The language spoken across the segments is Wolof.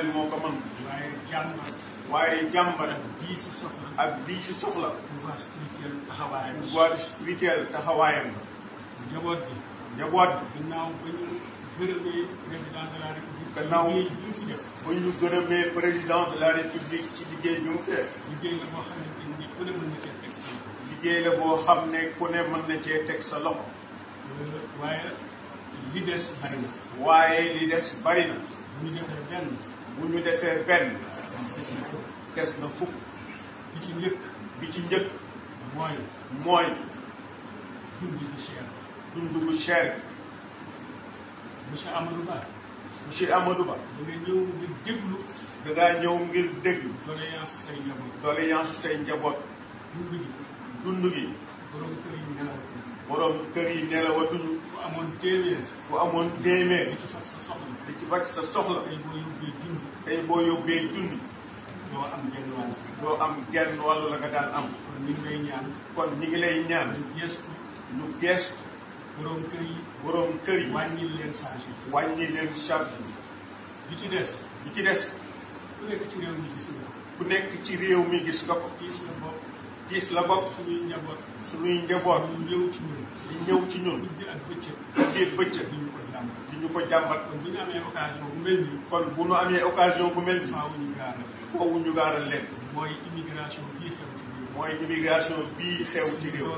xel moo ko mën. waaye jàmba. waaye jàmba si soxla. ak ji si soxla. pouvoir spirituel taxawaayam. pouvoir spirituel taxawaayam. njaboot bi. njaboot bi. ba ñu gërëmee président de la république. gannaaw ba ñu gërëmee président de la ci liggéey bi fee. liggéey la boo xam ne nit ku ne mën na cee teg sa loxo. liggéey waaye li des bari waaye li des bari bu ñu defee benn. bu ñu defee benn na fukk bi ci njëkk bi ci njëkk mooy mooy dund bu cher dund bu cher bi monsieur Amadou Ba monsieur Amadou Ba da ñëw ngir déglu da ngaa ñëw ngir déglu doléance say njaboot doléance say njaboot dund gi borom kër yi nelawatuñu. borom kër yi nelawatuñu. ku amoon téeméer. ku amoon téeméer. di ci faj sa soxla. di ci faj sa soxla. tey boo ñu ngi lay ñaan. kon ñu kër yi. borom kër yi. wàññi leen charge ci des. bi ci des. ku nekk ci réew mi gis nga ko. ku nekk ci réew mi gis bopp. diis la bopp suñuy njaboot suñuy njaboot ñu ñëw ci ñun di ñëw ci ñun di ak bëccëg di bëccëg di ñu ko jàmbat di ñu ko jàmbat kon bu ñu amee occasion bu mel nii kon bu ñu amee occasion bu mel nii faaw ñu gaaral faaw ñu gaaral leen mooy immigration bii xew ci réew mooy immigration bii xew ci réew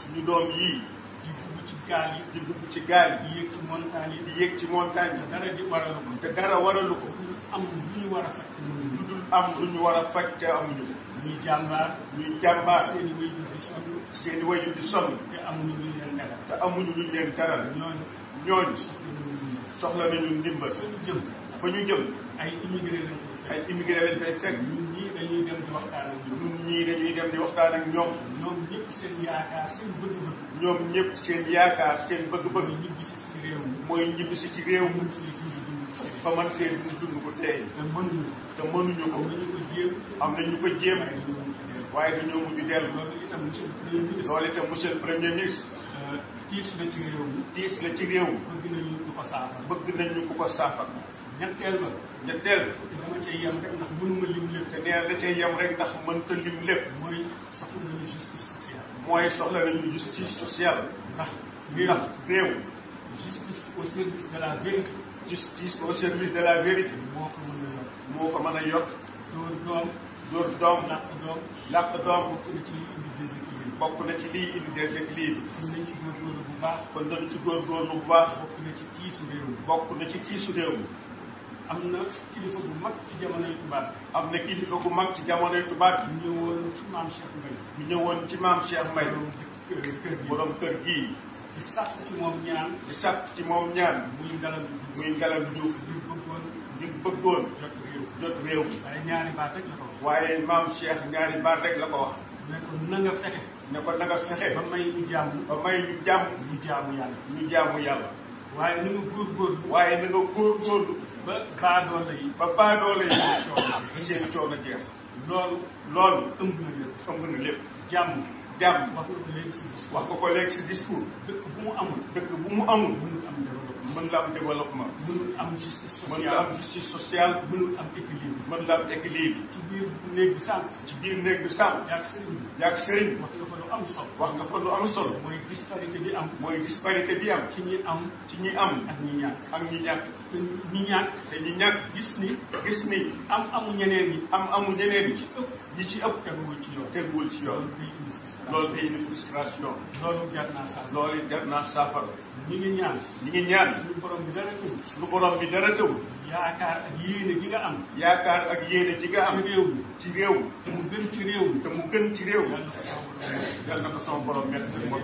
suñu doom yii di dugg ci gaal yi di dugg ci gaal yi di yëg ci montagne yi di yëg ci montagne yi dara di waralu ko te dara waralu ko am lu ñu war a faj am lu ñu war a faj te amuñu ko. ñuy jàmbaar. ñuy jàmbaar seen i wayjur di sonn. seen i wayjur di te amuñu luñ leen teral. te soxla nañu ndimbal. fa ñu jëm. fa ñu jëm. ay immigré lañ fay fekk. ay ñii dañuy dem di waxtaan ak ñoom. ñun ñii dañuy dem di waxtaan ak ñoom. ñoom ñëpp seen yaakaar seen bëgg-bëgg. ñoom ñëpp seen yaakaar seen bëgg-bëgg. ñibbisi ci réew mi. mooy ñibbisi ci réew mi. fa man tey duñ dund ko tey. te mënuñu ko te mënuñu ko. am nañu ko jéem am nañu ko jéem. waaye dañoo mujj dellu. loolu itam monsieur le premier ministre. loolu itam monsieur le premier ministre. Euh, tiis la ci réew mi. tiis la ci réew mi. bëgg nañu ko saafara. bëgg nañu ku ko saafara. ñetteel ba. ñetteel. te dama cay lépp. te nee na da cay yem rek ndax mënta lim lépp. mooy soxla nañu justice sociale. mooy soxla nañu justice sociale. ndax réew. justice au service de la vérité. justice au service de la vérité. moo ko mën a yokk. moo ko mën a yokk. dóor doom. dóor doom. làq doom. làq doom. bokk na ci liy indi déséquilibre. bokk na ci liy indi déséquilibre. kon nañ ci góorgóorlu bu baax. kon nañ ci góorgóorlu bu baax. bokk na ci tiisu réew mi. bokk na ci tiisu réew am na kilifa bu mag ci jamonoy tubaab am na kilifa bu mag ci jamonoy tubaab bi. ñu ñëwoon ci maam Cheikh Mbaye. ñu ñëwoon ci maam Cheikh Mbaye. borom kër gii borom kër gii. di sàkk ci moom ñaan. di sàkk ci moom ñaan. muy ngelaw muy ngelaw Diouf. di bëggoon di bëggoon. jot réew jot réew. waaye ñaari baat rek la ko wax. waaye maam Cheikh ñaari baat rek la ko wax. ne ko na fexe. ne ko na fexe. ba may ñu jàmm. ñu jàmm. yàlla. ñu jaamu yàlla. waaye na nga góorgóorlu. waaye na nga góorgóorlu. ba baadoola yi. ba baadoola yi. seen coono jeex. loolu. loolu ëmb na lépp ëmb na lépp jàmm. jàmm wax ko ko léegi si bu mu amul mën la am développement mënul am justice sociale mën la am justice sociale mënul biir néeg ci biir néeg bi sànq yaag sëriñ yaag nga fa lu am solo wax nga mooy disparité bi am mooy disparité bi am ci ñi am ci ñi am ak ñi ñàkk ak ñi ñàkk te ñi ñàkk gis ni gis ni am amu ñeneen yi am amu ñeneen yi ci ëpp yi ci ëpp teguwul ci yoon teguwul ci yoon loolu day indi frustration. loolu jar naa saafara. loolu jar naa saafara. ñi ngi ñaan. ñi ngi ñaan. suñu borom bi dara tëwul. suñu borom bi dara tëwul. yaakaar ak yéene ji nga am. yaakaar ak yéene ji nga am. ci réew ci réew mi. te mu gën ci réew mi. te mu gën ci réew mi. yal na ko sama borom mett na ko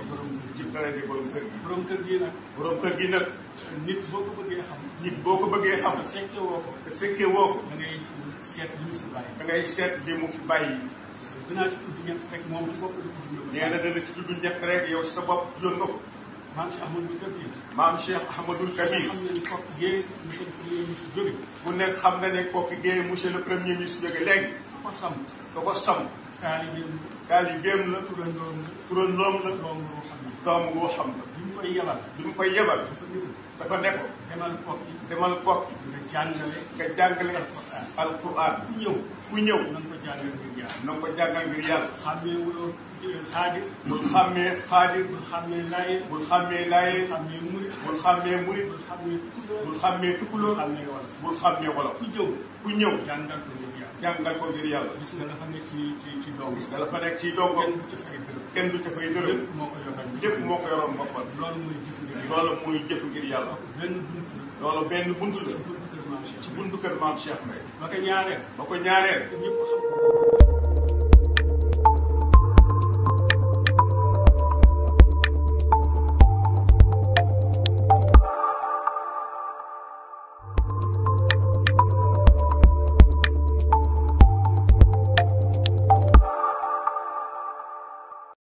ci bële borom kër gi. borom kër gi nag. kër gi nag. nit boo ko bëggee xam. nit boo ko bëggee xam. te fekkee woo ko. te seet li mu fi bàyyi. seet li mu fi bàyyi. dinaa ci tudd ñett fekk moom ci bopp di yow sa bopp tuddoon nga ko. maam Cheikh Ahmadul Kabir. maam Cheikh Ahmadul Kabir. xam nga ni kooku mu monsieur premier ministre jóge. ku nekk xam nga ne kooku monsieur le premier ministre jóge léegi. da ko taalibeem taalibeem la turandoom la turandoom la doomu boo xam ne doomu boo xam ne bi mu koy yebal bi mu koy yebal dafa nekk demal kokki demal kokki nga jàngale nga jàngale alquran alquran ku ñëw ku ñëw na nga ko jàngal ngir yàlla na nga ko jàngal ngir yàlla xàmmee wuloo xaadir bul xàmmee xaadir bul xàmmee laayeen bul xàmmee laayeen xàmmee murit bul xàmmee murit bul xàmmee tukulóor bul xàmmee tukulóor bul xàmmee wolof bul xàmmee wolof ku ñëw ku ñëw jàngal ko jàngal ko ngir yàlla. gis nga dafa nekk ci ci ci gis nga dafa nekk ci dong. kenn du ca fay dërëm kenn du ca fay dërëm. lépp moo ko yoroon lépp moo ko yoroon boppam. loolu mooy jëf ngir yàlla loolu mooy jëf ngir yàlla. benn buntu loolu benn buntu la. ci buntu kër maam Cheikh Mbaye. ba ko ñaareel. ba ko ñaareel.